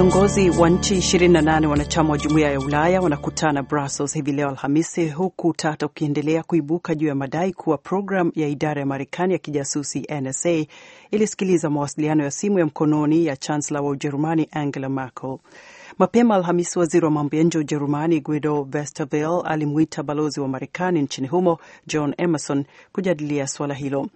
Viongozi wa nchi 28 wanachama wa jumuiya ya Ulaya wanakutana Brussels hivi leo Alhamisi, huku tata ukiendelea kuibuka juu ya madai kuwa programu ya idara ya Marekani ya kijasusi NSA ilisikiliza mawasiliano ya simu ya mkononi ya chancellor wa Ujerumani Angela Merkel. Mapema Alhamisi, waziri wa mambo ya nje wa Ujerumani Guido Westerwelle alimwita balozi wa Marekani nchini humo John Emerson kujadilia suala hilo.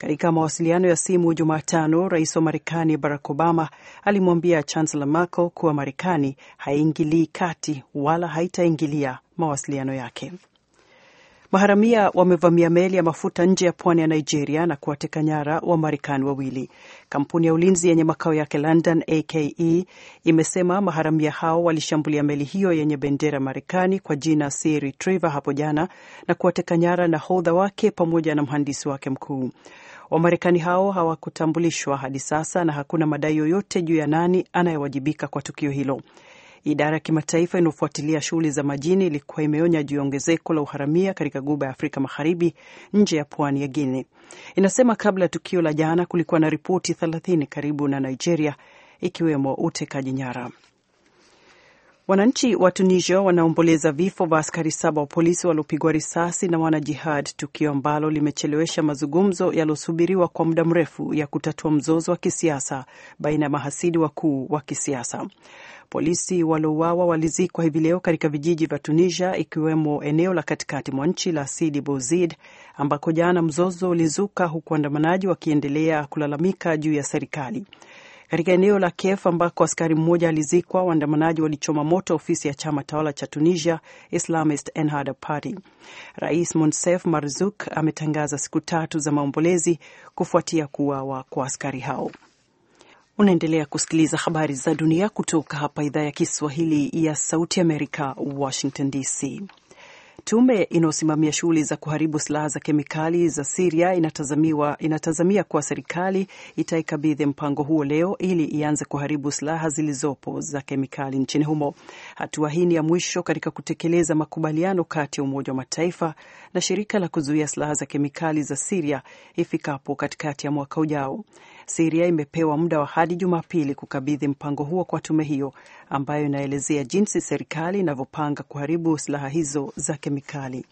Katika mawasiliano ya simu Jumatano, rais wa Marekani Barack Obama alimwambia Chancellor Merkel kuwa Marekani haiingilii kati wala haitaingilia mawasiliano yake. Maharamia wamevamia meli ya mafuta nje ya pwani ya Nigeria na kuwateka nyara wa Marekani wawili. Kampuni ya ulinzi yenye makao yake London, ake imesema maharamia hao walishambulia meli hiyo yenye bendera ya Marekani kwa jina Sea Retriever hapo jana na kuwateka nyara nahodha wake pamoja na mhandisi wake mkuu. Wamarekani hao hawakutambulishwa hadi sasa na hakuna madai yoyote juu ya nani anayewajibika kwa tukio hilo. Idara ya kimataifa inayofuatilia shughuli za majini ilikuwa imeonya juu ya ongezeko la uharamia katika Guba ya Afrika Magharibi nje ya pwani ya guine Inasema kabla ya tukio la jana kulikuwa na ripoti 30 karibu na Nigeria, ikiwemo utekaji nyara. Wananchi wa Tunisia wanaomboleza vifo vya askari saba wa polisi waliopigwa risasi na wanajihad, tukio ambalo limechelewesha mazungumzo yaliyosubiriwa kwa muda mrefu ya kutatua mzozo wa kisiasa baina ya mahasidi wakuu wa kisiasa. Polisi waliouawa walizikwa hivi leo katika vijiji vya Tunisia, ikiwemo eneo la katikati mwa nchi la Sidi Bouzid ambako jana mzozo ulizuka, huku waandamanaji wakiendelea kulalamika juu ya serikali. Katika eneo la Kef ambako askari mmoja alizikwa, waandamanaji walichoma moto ofisi ya chama tawala cha Tunisia, Islamist Ennahda Party. Rais Monsef Marzuk ametangaza siku tatu za maombolezi kufuatia kuuawa kwa askari hao. Unaendelea kusikiliza habari za dunia kutoka hapa idhaa ya Kiswahili ya Sauti Amerika, Washington DC. Tume inayosimamia shughuli za kuharibu silaha za kemikali za Siria inatazamiwa inatazamia kuwa serikali itaikabidhi mpango huo leo ili ianze kuharibu silaha zilizopo za kemikali nchini humo. Hatua hii ni ya mwisho katika kutekeleza makubaliano kati ya Umoja wa Mataifa na shirika la kuzuia silaha za kemikali za Siria ifikapo katikati ya mwaka ujao. Siria imepewa muda wa hadi Jumapili kukabidhi mpango huo kwa tume hiyo ambayo inaelezea jinsi serikali inavyopanga kuharibu silaha hizo za kemikali.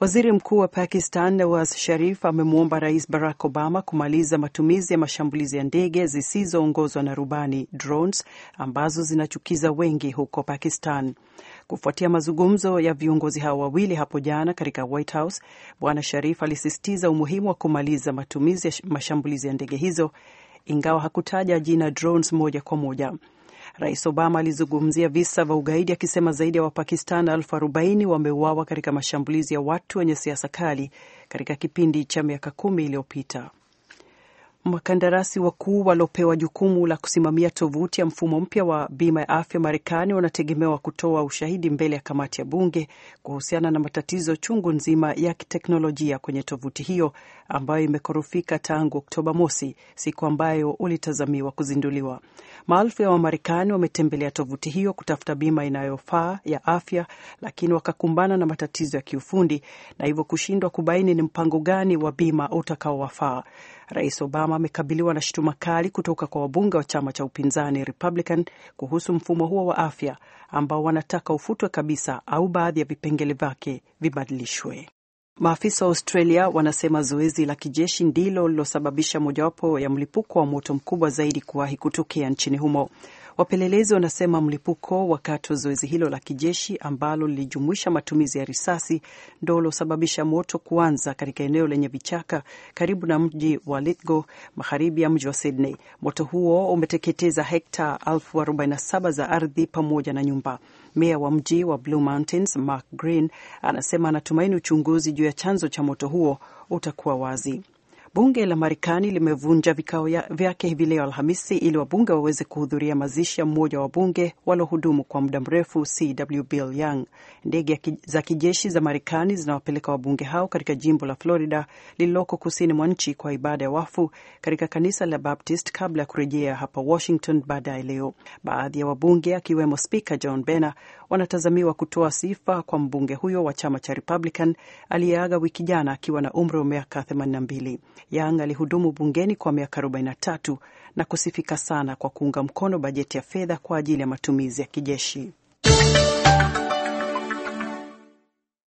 Waziri Mkuu wa Pakistan Nawaz Sharif amemwomba Rais Barack Obama kumaliza matumizi ya mashambulizi ya ndege zisizoongozwa na rubani drones ambazo zinachukiza wengi huko Pakistan kufuatia mazungumzo ya viongozi hao wawili hapo jana katika White House. Bwana Sharif alisisitiza umuhimu wa kumaliza matumizi ya mashambulizi ya ndege hizo, ingawa hakutaja jina drones moja kwa moja. Rais Obama alizungumzia visa vya ugaidi akisema zaidi ya Wapakistan elfu arobaini wameuawa katika mashambulizi ya watu wenye siasa kali katika kipindi cha miaka kumi iliyopita. Makandarasi wakuu waliopewa jukumu la kusimamia tovuti ya mfumo mpya wa bima ya afya Marekani wanategemewa kutoa ushahidi mbele ya kamati ya bunge kuhusiana na matatizo chungu nzima ya kiteknolojia kwenye tovuti hiyo ambayo imekorofika tangu Oktoba mosi, siku ambayo ulitazamiwa kuzinduliwa. Maelfu ya Wamarekani wametembelea tovuti hiyo kutafuta bima inayofaa ya afya, lakini wakakumbana na matatizo ya kiufundi na hivyo kushindwa kubaini ni mpango gani wa bima utakaowafaa. Rais Obama amekabiliwa na shutuma kali kutoka kwa wabunge wa chama cha upinzani Republican kuhusu mfumo huo wa afya ambao wanataka ufutwe kabisa au baadhi ya vipengele vyake vibadilishwe. Maafisa wa Australia wanasema zoezi la kijeshi ndilo lilosababisha mojawapo ya mlipuko wa moto mkubwa zaidi kuwahi kutokea nchini humo. Wapelelezi wanasema mlipuko wakati wa zoezi hilo la kijeshi ambalo lilijumuisha matumizi ya risasi ndo uliosababisha moto kuanza katika eneo lenye vichaka karibu na mji wa Lithgow, magharibi ya mji wa Sydney. Moto huo umeteketeza hekta 47 za ardhi pamoja na nyumba. Meya wa mji wa Blue Mountains Mark Green anasema anatumaini uchunguzi juu ya chanzo cha moto huo utakuwa wazi. Bunge la Marekani limevunja vikao vyake hivi leo Alhamisi ili wabunge waweze kuhudhuria mazishi ya mmoja wa bunge waliohudumu kwa muda mrefu CW Bill Young. Ndege za kijeshi za Marekani zinawapeleka wabunge hao katika jimbo la Florida lililoko kusini mwa nchi kwa ibada ya wafu katika kanisa la Baptist kabla ya kurejea hapa Washington baadaye leo. Baadhi ya wabunge akiwemo Spika John Boehner wanatazamiwa kutoa sifa kwa mbunge huyo wa chama cha Republican aliyeaga wiki jana akiwa na umri wa miaka 82. Yang alihudumu bungeni kwa miaka 43 na kusifika sana kwa kuunga mkono bajeti ya fedha kwa ajili ya matumizi ya kijeshi.